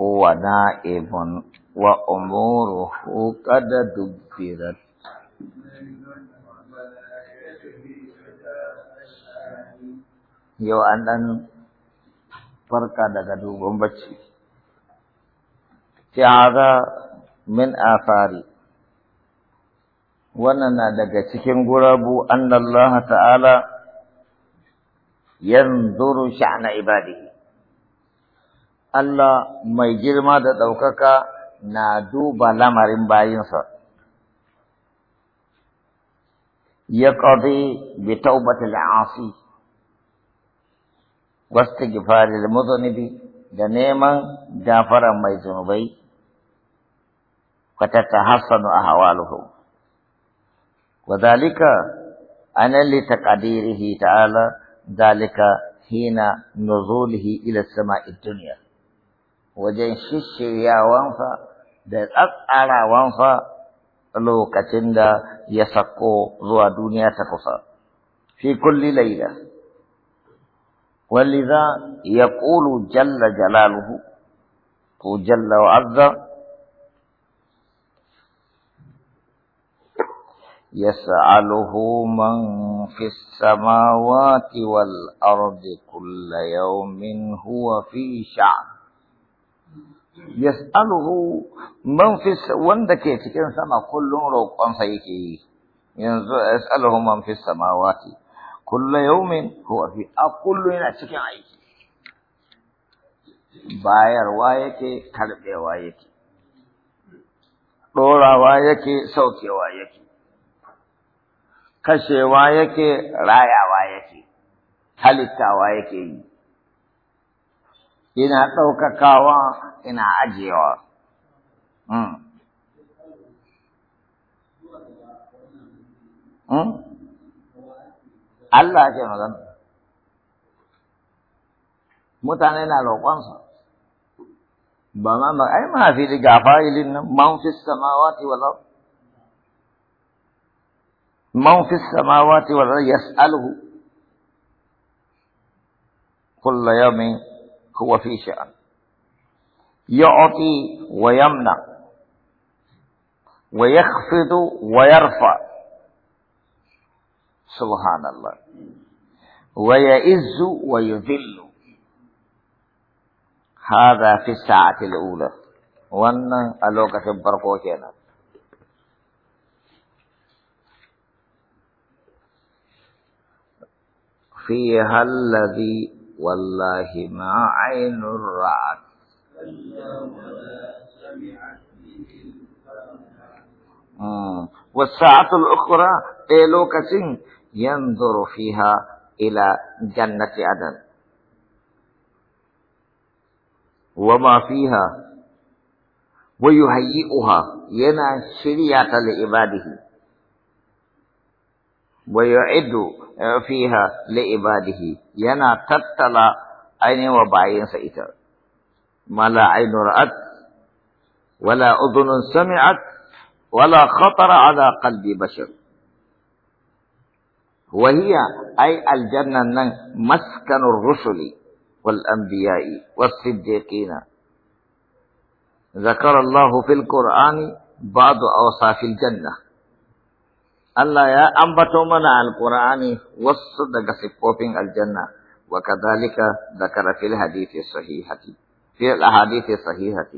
هو نائب وأموره قد دبرت yau an farka daga dogon bacci. Tihaza min afari wannan na daga cikin gurabu annallaha ta'ala yanzuru sha'na ibadihi الله مي جرما دا دوكا كا نادو بالا مارين باين سا يقضي بتوبة العاصي وست جفار المذنبي دا نيما جافر مي زنبي فتتحسن أحواله وذلك أنا لتقديره تعالى ذلك حين نزوله إلى السماء الدنيا wajen wanfa da wanfa lokacin da ya sako zuwa duniya ta kusa fi kulli laila yaqulu ولذا يقول جل جلاله جل وعز يسأله من في السماوات والأرض كل يوم هو في شعب yas'aluhu man fi wanda ke cikin sama kullum roƙonsa yake yi yanzu yas'aluhu man fi samawati kullu yawmin huwa fi a kullu yana cikin aiki bayarwa yake karbewa yake dorawa yake saukewa yake kashewa yake rayawa yake halittawa yake yi ina ɗaukakawa ina ajiyewa. Hmm. Hmm? Allah ke magana. Mutane na roƙonsa. Ba ma ba, ai ma fi ga fa'ilin nan, man fi samawati wal ard. Man fi samawati wal ard yas'aluhu. Kullu yawmin هو في شأن يعطي ويمنع ويخفض ويرفع سبحان الله ويئز ويذل هذا في الساعة الأولى وأن ألوك في كانت فيها الذي والله ما عين رأت والساعة الأخرى تلوكسين ينظر فيها إلى جنة عدن وما فيها ويهيئها ينا شريعة لعباده ويعد آه، فيها لعباده ينا تتلا عين وبعين سئتا ما لا عين رأت ولا أذن سمعت ولا خطر على قلب بشر وهي أي الجنة مسكن الرسل والأنبياء والصديقين ذكر الله في القرآن بعض أوصاف الجنة الله يا أمبتو من القرآن وصد قصفوفين الجنة وكذلك ذكر في الحديث الصحيحة في الحديث الصحيحة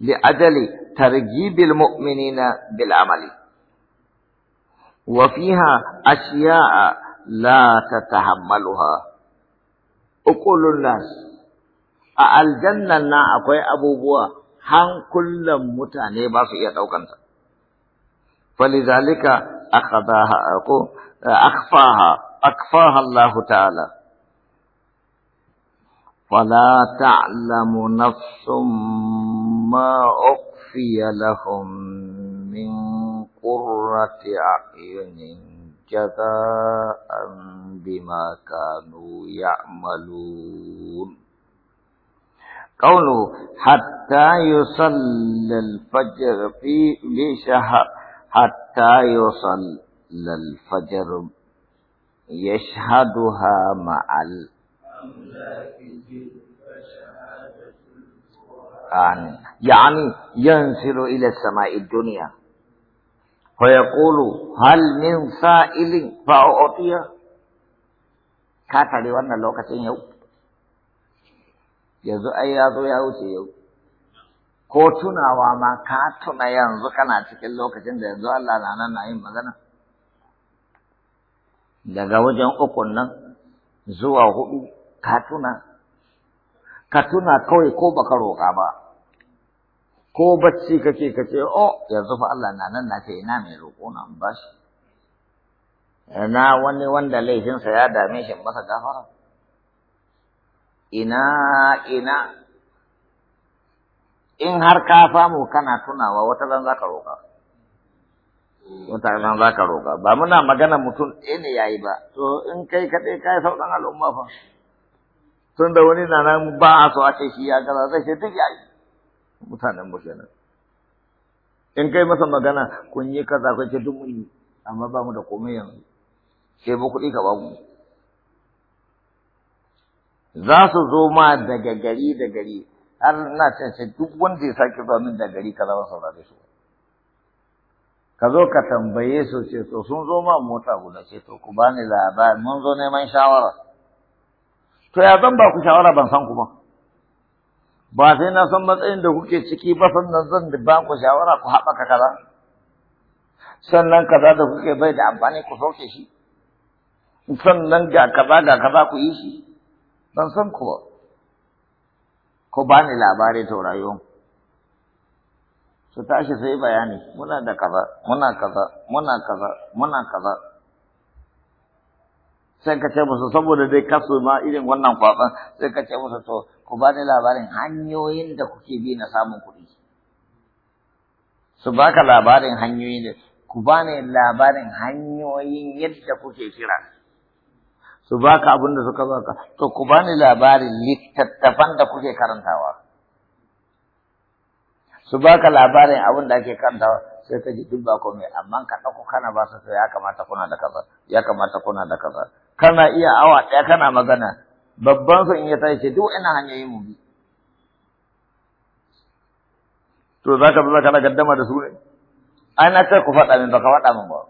لأجل ترجيب المؤمنين بالعمل وفيها أشياء لا تتحملها أقول الناس الجنة نا أقوى أبو بوا هم كل متعني باسي يتوقن فلذلك أخذها أخفاها أكفاها الله تعالى فلا تعلم نفس ما أخفي لهم من قرة أعين جزاء بما كانوا يعملون قوله حتى يصلي الفجر في لشهر حتى يصل الفجر يشهدها مع آمين يعني ينزل إلى السماء الدنيا فيقول هل من سائل فأعطيه كاتب لي وانا لوكتين يوم يزو أي يزو يوم ko tunawa ma ka tuna yanzu kana cikin lokacin da yanzu Allah na nan na yin magana daga wajen uku nan zuwa hudu ka tuna ka tuna kawai ko baka roƙa ba ko bacci kake kace oh yanzu fa Allah na nan na ce ina mai roƙo na ba shi ina wani wanda laifinsa ya dame shi masa gafara ina ina in har ka samu kana tunawa wata ran za ka roƙa wata ran za ka roƙa ba muna magana mutum ɗaya ne yayi ba to in kai kaɗai ka yi sauran al'umma fa tun da wani na nan ba a so a ce shi ya gaza zai ce duk yayi mutanen mu kenan in kai masa magana kun yi kaza kun ce duk mun yi amma ba mu da komai yanzu sai ba kuɗi ka ba mu za su zo ma daga gari da gari har na ce duk wanda ya sake zuwa min da gari kaza ba saurare su ka zo ka tambaye su ce to sun zo ma mota guda ce to ku bani labari mun zo neman shawara to ya zan ba ku shawara ban san ku ba ba sai na san matsayin da kuke ciki ba sannan zan ba ku shawara ku haɓaka kaza sannan kaza da kuke bai da amfani ku sauke shi sannan ga kaza ga kaza ku yi shi ban san ku ba ko ba ni labari taurayon su tashi sai bayani muna da kaza muna kaza muna kaza muna kaza sai ka ce musu saboda dai kasu ma irin wannan kwatsan sai ka ce musu to ku ba ni labarin hanyoyin da kuke bi na samun kuɗi su baka labarin hanyoyin da ku ba ni labarin hanyoyin yadda kuke kira su baka abin da suka baka to ku bani labarin littattafan da kuke karantawa su baka labarin abin da ake karantawa sai ka ji duk ba komai amma ka ɗauko kana ba su ya kamata kuna da kaza ya kamata kuna da kaza kana iya awa ɗaya kana magana babban su in ya tashi duk ina hanyoyin mu bi to zaka zaka na gaddama da su ne ana na ku faɗa min baka faɗa min ba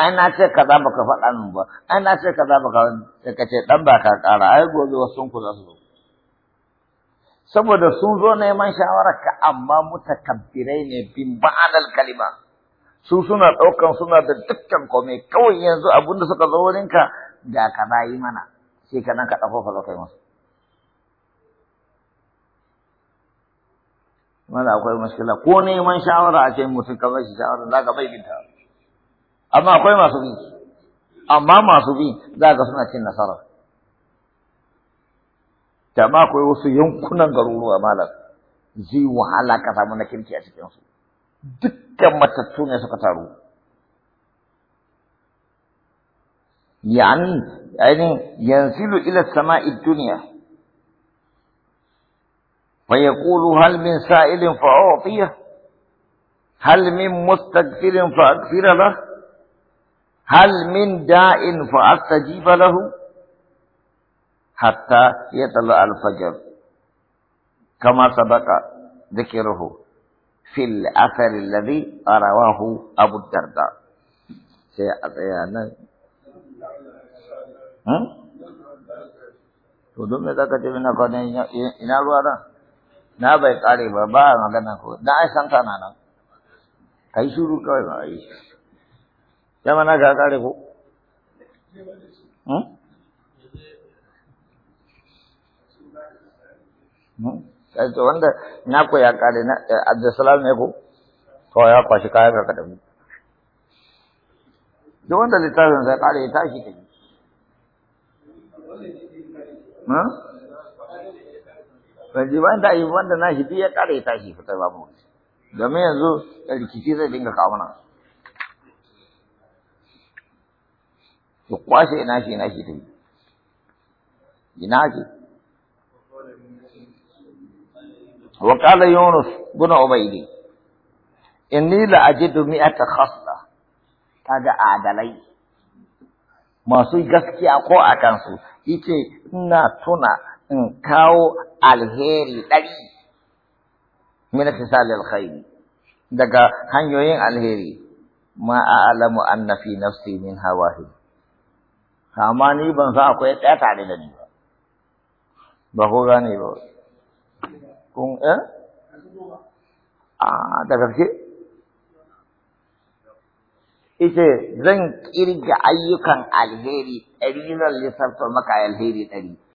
ai na ce kaza baka faɗa min ba ai na ce kaza baka sai ka ce dan ba ka ƙara ai gobe wasu ku za su zo saboda sun zo neman shawararka amma mutakabbirai ne bin ma'anar kalima su suna ɗaukan suna da dukkan komai kawai yanzu abin da suka zo wurinka da ka bayi mana sai ka nan ka ɗauko ka zo kai masu. mana akwai mashkila ko neman shawara a ce mutum ka shi shawara za ka bai binta اما اخوی معصومین اما معصومین دا قسم اچین نصارا تاما اخوی وصو یون کنن گرورو امالا زی وحالا کتا منکن چیز کنسو دکا متتونی سکتارو یعنی ینزلو الى السماء الدنیا فَيَقُولُ هَلْ مِنْ سَائِلٍ فَأُعْطِيهِ هَلْ مِنْ مُسْتَغْفِرٍ فَأَغْفِرَ لَهُ هل من داء فأستجيب له حتى يطلع الفجر كما سبق ذكره في الأثر الذي رواه أبو الدرداء سيأتيانا to don me zaka na kwanan ina ruwa na na bai kare ba ba magana ko da ai santa na nan kai shuru kawai ba ai zama na ga kare ko hmm? Hmm? Eh, to wanda na ku ya kare na eh, Abdulsalam ne ku? Kawai ya kwashi kayan ka kadamu duk wanda littafin sai kare ya tashi ta ha Rajiban hmm? da yi wanda na shi ya kare ya tashi fitar babu domin yanzu rikici zai dinga kawo mana ki kwashe ina shi ina shi tafi ina shi wa qala yunus bin ubaydi inni la ajidu mi'ata khassa kaga adalai masu gaskiya ko a kansu yace ina tuna in kawo alheri dari min fisalil khairi daga hanyoyin alheri ma a'lamu anna fi nafsi min hawahid amma ni ban san akwai ɗaya tare da ni ba ba ko gane ba kun eh a da gaske ita zan kirga ayyukan alheri ɗari zan lissafta maka alheri ɗari